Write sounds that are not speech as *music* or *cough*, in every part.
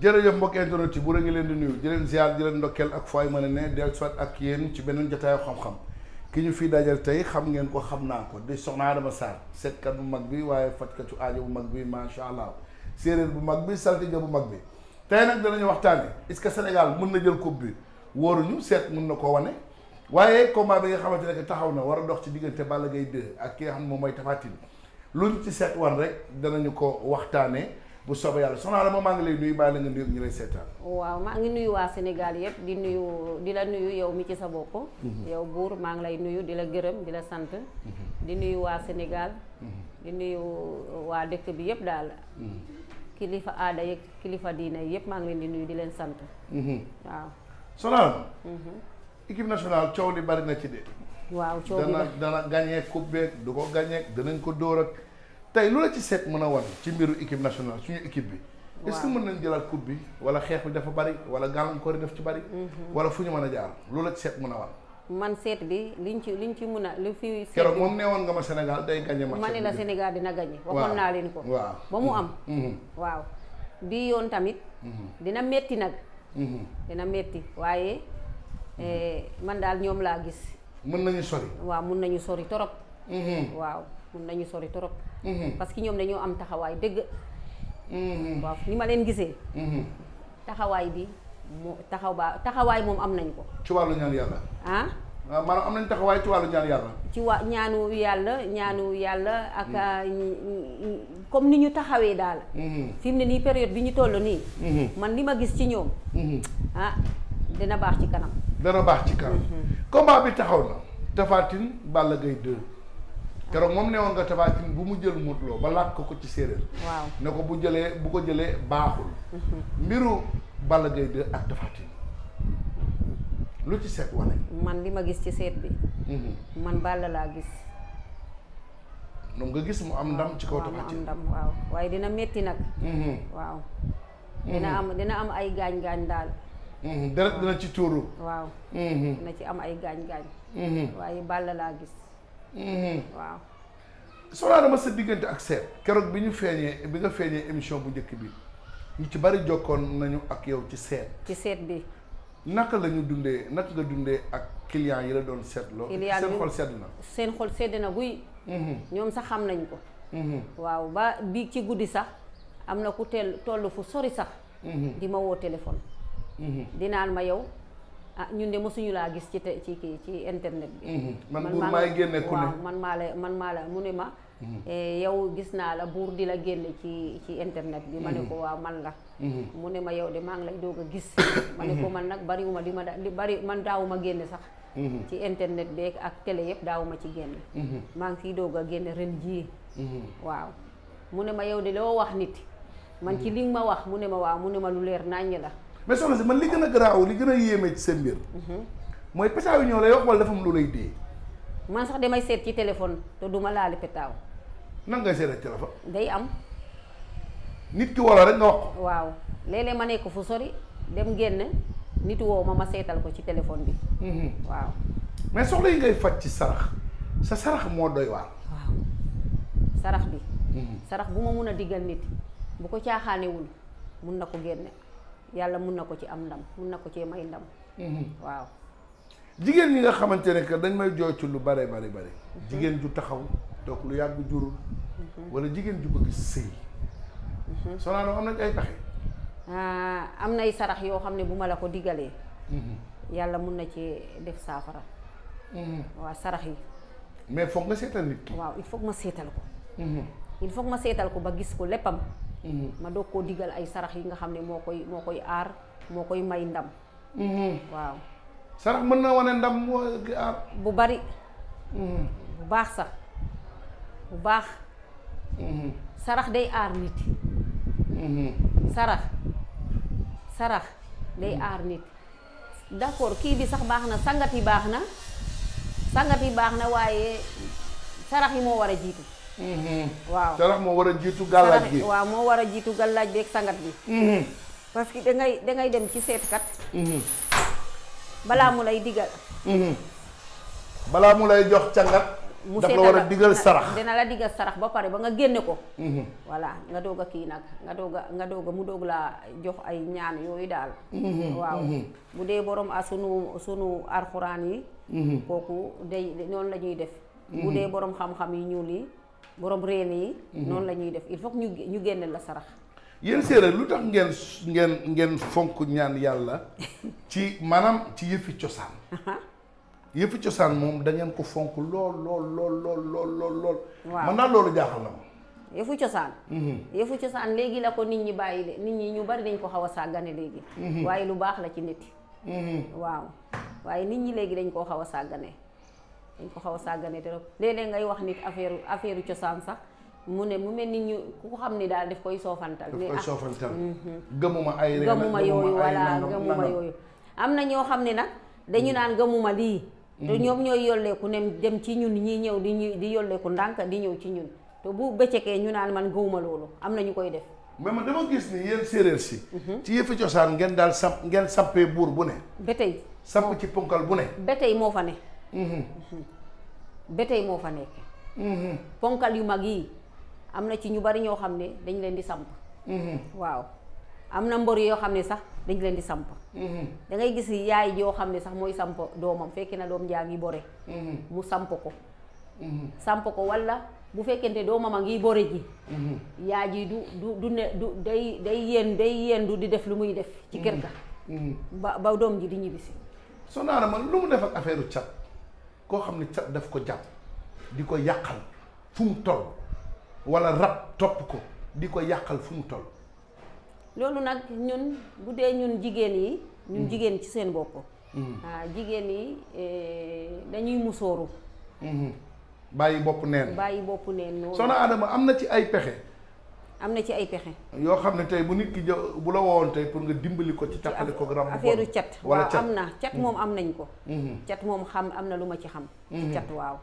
jërëjëf mbokk internet yi bu rek ngi leen di nuyu di leen ziar di leen ndokkeel ak fooy mën a ne del ak yéen ci beneen jotaayu xam-xam ki ñu fii dajal tey xam ngeen ko xam naa ko di soxna Adama Sarr seetkat bu mag bi waaye fajkatu aajo bu mag bi macha allah séeréer bu mag bi saltige bu mag bi tey nag danañu waxtaane est-ce que Sénégal mën na jël coupe bi wóoruñu seet mën na ko wane waaye combat bi nga xamante ne taxaw na war a dox ci diggante Balla Gaye 2 ak ki nga moom mooy Tapha Tine luñ ci seet wan rek danañu ko waxtaanee bu soobee yàlla soxna moom maa ngi lay nuyu bàyyi la nga nuyu ñu lay seetaan. waaw maa ngi nuyu waa Sénégal yëpp di nuyu di la nuyu yow mi ci sa bopp. Mhm. yow buur maa ngi lay nuyu di la gërëm di la sant. Mhm. di nuyu waa Sénégal. Mhm. di nuyu waa dëkk bi yëpp daal. kilifa aada yeeg kilifa diina yëpp maa ngi leen di nuyu di leen sant. waaw. soxna. équipe nationale coow li bari na ci de. waaw coow li dana dana gagné coupe du ko gagné danañ ko dóor ak. tey lu la ci seet mën a wan ci mbiru équipe nationale suñu équipe bi. est ce que mën nañ jëlaat bi wala xeex bi dafa bari wala gàllankoor yi daf ci bari. Mhm. wala fu ñu mën a jaar lu la ci seet mun a wan. man seet bi liñ ci liñ ci mun a lu fi. seet keroog moom neewoon nga ma Sénégal day gagné ma ne la Sénégal dina gagné. waxoon naa leen ko. waaw ba mu am. Mhm. Mhm. waaw bii yoon tamit. dina metti nag. dina metti waaye eh, man daal ñoom laa gis. mën nañu sori. waaw mën nañu sori torop waaw. mun nañu sori trop. Mhm. parce que ñoom dañoo am taxawaay dëgg. Mhm. waaw ni ma leen gisee. Mhm. taxawaay bi moo taxaw ba taxawaay moom am nañ ko. ci wàllu ñaan yàlla. ah. ah maanaam am nañ taxawaay ci wàllu ñaan yàlla. ci wa ñaanu yàlla ñaanu yàlla ak ah, comme ni ñu taxawee daal. fi mu ne nii période bi ñu toll nii. man li ma gis ci ñoom. Ah, dina baax ci kanam. dana baax ci kanam. combat bi taxaw na. Tapha Tine Balla Gaye 2. keroog moom newoon nga Tapha bu mu jël Modou ba làkk ko ci séeréer. waaw ne ko bu jële bu ko jëlee baaxul. Mhm. mbiru Balla Gaye 2 ak Tapha lu ci seet wane. man li ma gis ci seet bi. Mhm. man Balla laa gis. moom nga gis mu am ndam ci kaw Tapha ndam waaw waaye dina metti nag. Mhm. waaw. dina am dina am ay gaañ-gaañ daal. deret dina ci tuuru. waaw. dina ci am ay gaañ-gaañ. waaye Balla laa gis. Mm-hmm. waaw. soxlaa dama sa diggante ak seet keroog bi ñu feeñee bi nga feeñee émission bu njëkk bi ñu ci bari jokkoon nañu ak yow ci seet. ci seet bi. naka lañu ñu dundee naka nga dundee ak clients yi la doon seetloo. seen xol sedd na seen xol sedd na guy. Mm-hmm. ñoom sax xam nañ ko. Mm-hmm. waaw ba bi ci guddi sax am na ku teel toll fu sori sax. di ma woo téléphone. di ma yow. ah ñun de mosuñu laa gis ci te ci kii ci internet bi. Mhm. man buur maay génne man maa la man maa la mu ne ma. Mhm. Eh, yow gis naa la buur di la génn ci ci internet bi. ma ne mhm. ko waaw man la. mu ne ma yow de maa ngi lay doog a gis. ma ne ko man nag bariwuma di ma da di bari man daawuma génne sax. ci internet beeg ak télé yëpp daawuma ci génn maa ngi ciy doog a génne ren jii. waaw mu ne ma yow de loo wax nit. man ci li ma wax mu ne ma waaw mu ne ma lu leer naññ la. mais soxna si man li gën a garaaw li gën a yéeme ci seen mbir. mooy petaaw ñoo lay wax wala dafa am lu lay dee. man sax damay seet ci téléphone te duma ma laal petaaw. ngay seet ak day am. nit ki wala rek nga wax ko. waaw léeg ma nekk fu sori dem génn nit woo ma ma seetal ko ci téléphone bi. Mhm. waaw. mais soxla yi ngay faj ci sarax sa sarax moo doy waar. waaw sarax bi. Mhm. sarax bu ma mun a diggal nit bu ko caaxaanewul mun na ko génne. yàlla mun na ko ci am ndam mun na ko cee may ndam mhm. waaw jigéen ñi nga xamante ne que dañ may jooytu lu bare bare bare jigéen ju taxaw toog lu yàgg jurul mhm. wala jigéen ju bëgg sëy mhm. sonaano am nañ ay pexe ah, am nay sarax yoo xam ne bu ma la ko digalee yàlla mun na cee def saafara waaw sarax yi mais foog nga seetal nit waaw il faut ma seetal ko il faut ma seetal ko ba gis ko léppam Mm-hmm. ma doog koo diggal ay sarax yi nga xam ne moo koy moo koy aar moo koy may ndam mm-hmm. waaw sarax mën na wane ndam moo bu bari mm-hmm. bu baax sax bu baax sarax day aar nit sarax sarax day aar nit d'accord kii bi sax baax na sangat yi baax na sangat yi baax na waaye sarax yi moo war a jiitu Mm-hmm. waaw sarax moo war a jiitu gàllaaj bi waaw moo war a jiitu gàllaaj bi ak sangat bi mm-hmm. parce que dangay ngay da ngay dem ci seetkat mm-hmm. balaa mu lay digal balaa mu lay jox cangat mu daf la war a sarax dina la digal sarax ba pare ba nga génne ko voilà nga doog a kii nag nga doog nga doog a mu doog laa jox ay ñaan yooyu daal waaw bu dee borom a sunu sunu arxuraan yi kooku day noonu la def bu dee borom xam-xam yi ñuul yi borom reen yi. Mhm. noonu la ñuy def il faut ñu ñu génne la sarax. yéen séeréer lu tax ngeen ngeen ngeen fonk ñaan yàlla *laughs* ci maanaam ci yëfi cosaan. yëfi moom da ko fonk lool lool lool lool lool lool lool. waaw man loolu jaaxal yëfu cosaan. Mhm. yëfu cosaan léegi la ko nit ñi bàyyi de nit ñi ñu bari dañ ko xaw a sàggane léegi. Mhm. waaye lu baax la ci nit. waaw waaye nit ñi léegi dañ koo xaw a sàggane. dañ ko xaw a sàggane trop léeg-léeg ngay wax nit affaire affaire cosaan sax mu ne mu mel ni ñu ku ko xam ni daal daf koy soofantal. daf ah, mhm. gëmuma ay rek gëmuma yooyu walla gëmuma yooyu. am na ñoo xam ne nag dañu mm. naan gëmuma lii. Mm. te ñoom ñooy yolleeku nem dem ci ñun ñi ñëw di ñu di yolleeku ndànk di ñëw ci ñun te bu bëccëgee ñu naan man gëmuma loolu am na ñu koy def. mais man dama gis ni yéen séeréer si. Mhm. ci yëfi cosaan ngeen daal samp ngeen sampee buur bu ne. ba tey samp ci ponkal bu ne. ba tey moo fa ne. Mm-hmm. ba tey moo fa nekk mm-hmm. ponkal yu mag yi am na ci ñu bari ñoo xam ne dañ leen di samp mm-hmm. waaw am na mbor yoo xam ne sax dañ leen di samp da ngay gis yaay yoo xam ne sax mooy samp doomam fekke na doom jaa ngi bore mu samp ko samp ko walla bu fekkente doomam a ngi bore ji yaa ji du du du du day day yéen day yendu di def lu muy def ci kër ga ba doom ji di ñibbisi soo naana lu mu def ak affaire cat koo xam ne cat daf ko jàpp di ko yàqal fu mu toll walla rab topp ko di ko yàqal fu mu tol loolu nag ñun bu dee ñun jigéen yi. ñun mm. jigéen ci seen bopp. Mm. ah jigéen yi eh, dañuy musóoru. Mm-hmm. bàyyi bopp neen bàyyi bopp neen noonu. soxna Adama am na ci ay pexe. am na ci ay pexe. yoo xam ne tey bu nit ki jë bu la woowoon tey pour nga dimbali ko ci càqale ko. ram affaire cat wala am na cat moom mm-hmm. am nañ ko. Mm-hmm. cat moom xam am na lu ma ci xam. ci mm-hmm. cat waaw.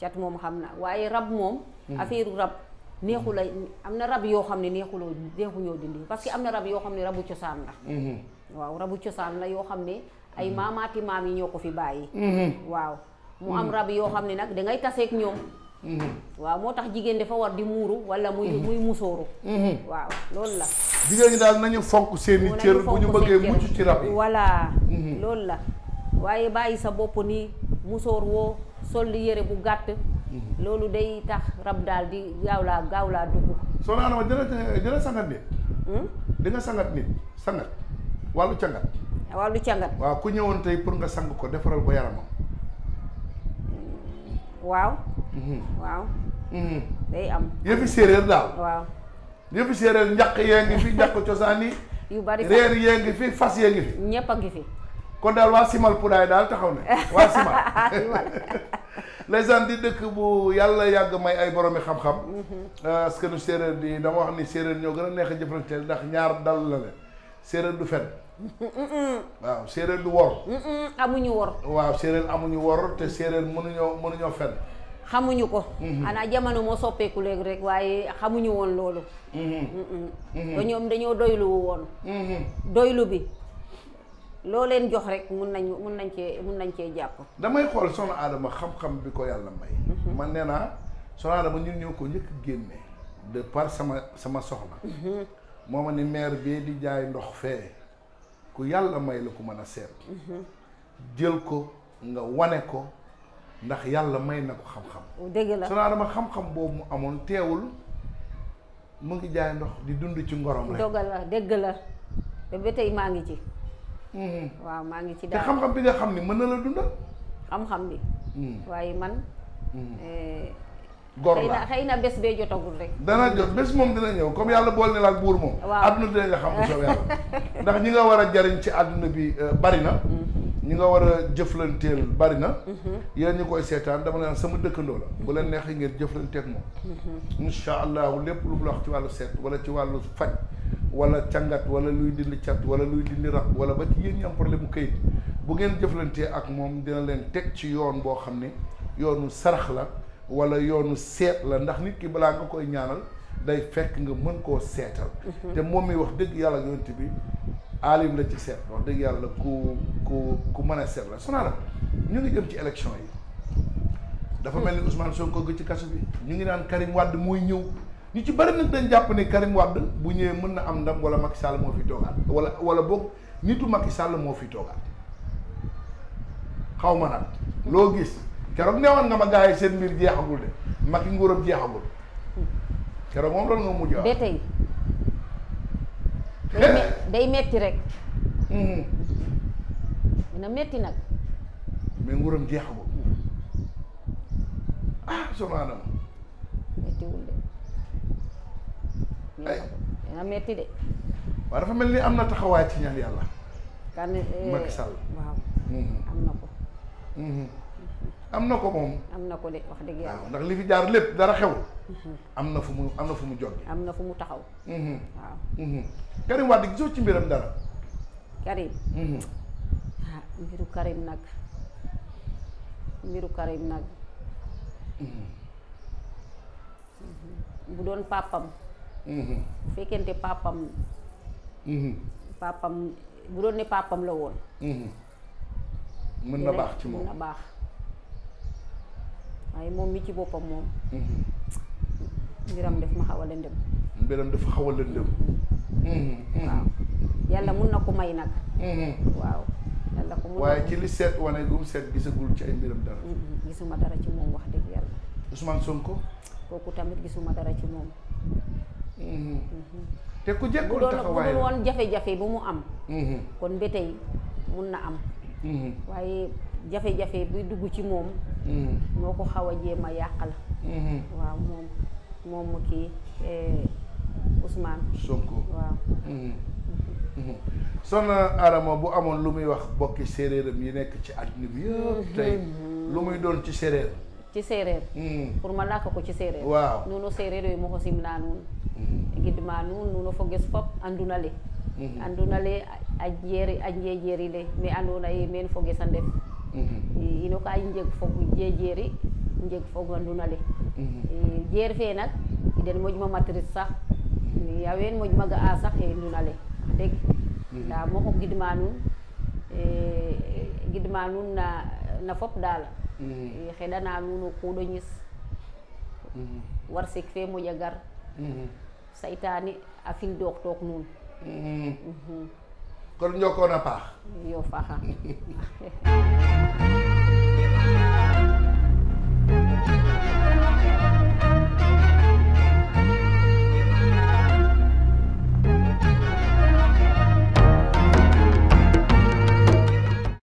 cat moom xam na waaye rab moom. affaire rab neexu la am na rab yoo xam ne neexuloo neexuñoo dindi parce que am na rab yoo xam ne rabu cosaan la. waaw rabu cosaan la yoo xam ne ay maamaati maam yi ñoo ko fi bàyyi. waaw mu am rab yoo xam ne nag dangay taseeg ñoom. Mm-hmm. waaw moo tax jigéen dafa war di muuru wala muy mm-hmm. muy musóoru mm-hmm. waaw loolu la jigéen ñi daal nañu fonk seeni cër bu ñu bëggee mucc ci rab yi voilà loolu la waaye bàyyi sa bopp ni musóor woo sol yére bu gàtt loolu day tax rab daal di gaaw laa gaaw laa dugg soxna Adama dina dina sangat nit hmm? di nga sangat nit sangat wàllu cangat wàllu cangat waaw ku ñëwoon tey pour nga sang ko defaral ko yaramam waaw. Mhm. waaw. Mhm. day am. yëfi séeréer daal. waaw. yëfi séeréer njaq yee ngi fi njaq cosaan yi. *laughs* yu bari reer yee ngi fi fas yee ngi fi. ñëpp ngi fi. kon daal waa Simal Poudaye daal taxaw na waa Simal. ndeysaan *laughs* *laughs* di dëkk bu yàlla yàgg may ay boromi xam-xam. Mhm. Euh, askanu séeréer di dama wax ni séeréer ñoo gën a neex a jëflanteel ndax ñaar dal la leen séeréer du fen *laughs* waaw séeréer du wor. amuñu wor. waaw séeréer amuñu wor te séeréer mënuñoo mënuñoo fen. xamuñu ko. Mm-hmm. xanaa jamono moo soppeeku léegi rek waaye xamuñu woon loolu. Mm-hmm. Mm-hmm. ñoom dañoo doylu woon. doylu bi loo leen jox rek mun nañ mun nañ cee mun nañ cee jàpp. damay xool soxna Adama xam-xam bi ko yàlla may. man nee naa soxna Adama ñun ñoo ko njëkk génne de par sama sama soxna. moo ma ni maire bii di jaay ndox fee. ku yàlla may la ku mën a seet mhm. jël ko nga wane ko ndax yàlla may na ko xam-xam dëgg la su naa dama xam-xam boobu mu amoon teewul mu ngi jaay ndox di dund ci ngorom rek dogal la dëgg la te ba tey maa ngi ci mhm. waaw maa ngi ci daal te xam-xam bi nga xam ni mën na la dundal xam-xam bi mhm. waaye man eh, gor la xëy na bés bee jotagul rek dana jot bés moom dina ñëw comme yàlla bool ne la ak buur moom adduna dina nga xam bu soob yàlla *laughs* ndax ñi nga war a jariñ ci àdduna bi euh, bari na mm-hmm. ñi nga war a jëflanteel bari na mm-hmm. yéen ñi koy seetaan dama naan sama dëkkandoo la bu leen neexee ngeen jëflanteeg moom mm-hmm. insha allah lépp lu mu la ci wàllu seet wala ci wàllu faj wala càngat wala luy dindi cat wala luy dindi rab wala ba ci yéen ñi mu kayit bu ngeen jëflantee ak moom dina leen teg ci yoon boo xam ne yoonu sarax la wala yoonu seet la ndax nit ki balaa nga koy ñaanal day fekk nga mën koo seetal mhm. te moom may wax dëgg yàlla yonent bi aalim la ci seet wax dëgg yàlla ku ku ku mën a seet la sonaara ñu ngi jëm ci élection yi dafa mel ni Ousmane Sonko ci kaso bi ñu ngi naan Karim Wade mooy ñëw ñu ci bari nag dañ jàpp ne Karim Wade bu ñëwee mën na am ndam wala Macky Sall moo fi toogaat wala wala boog nitu mag sàll moo fi toogaat xaw ma loo gis keroog newoon nga ma gars yi seen mbir jeexagul de Macky nguuram jeexagul keroog moom loolu nga mujj wax. ba tey day metti rek. Hmm. dina metti nag. mais nguuram jeexagul ah subhanallah. mettiwul de. dina metti de. waaw dafa mel ni am na taxawaay ci ñaan yàlla. Eh, Macky Sall waaw hmm. am na ko. Hmm. am na ko moom. am na ko de wax dëgg yàlla. ndax li fi jaar lépp dara xew. Mhm. am na fu mu am na fu mu jóg. am na fu mu taxaw. Mhm. waaw. Mhm. Karim Wade gisoo ci mbiram dara. Karim. Ah, mbiru Karim nag mbiru Karim nag. bu doon papam. bu fekkente pàppam papam bu doon ne papam la woon. mën na baax ci moom na baax. waaye moom mi ci boppam moom. Mm-hmm. mbiram daf ma xaw a lëndëm. mbiram dafa xaw a lëndëm. Mm-hmm. Mm-hmm. waaw yàlla mun na ko may nag. waaw yàlla ko mun waaye ci li seet wane gum seet gisagul ci ay mbiram dara. gisuma dara ci moom wax dëgg yàlla. Ousmane Sonko. kooku tamit gisuma dara ci moom. te ku jekkul taxawaay bu doon woon jafe-jafe bu mu am. kon ba mun na am. waaye. jafe-jafe bi dugg ci moom mm-hmm. moo ko xaw a jéem a yàqal mm-hmm. waaw moom moom mu kii eh, Ousmane Sonko waaw mm-hmm. soxna Adama bu amoon lu muy wax bokki séeréeram yi nekk ci àddina bi yëpp lu muy doon ci séeréer ci séeréer pour ma làkk ko ci séeréer waaw nuuno séeréer yooyu moo ko simnaa nuun gidma nuun nuuno foges fop anduna le anduna le a jeeri a njeejeeri le mais andona ye meen foges a ndef Mm-hmm. ino ka i njeg fogu jejeeri njeg fogu a nduna mm-hmm. eh, jeer fe nak i den moƴma matrice sax mm-hmm. ya ween moƴma ga'a sax e nduna le deg nda moxo gidma nuun eh, gidma nuun na na fop daal xeɗana nuun o kuuɗo ñis warsek fe moƴa gar saytani a fil doox took nuun kon ñokkoon a paax. yow faaxa *laughs*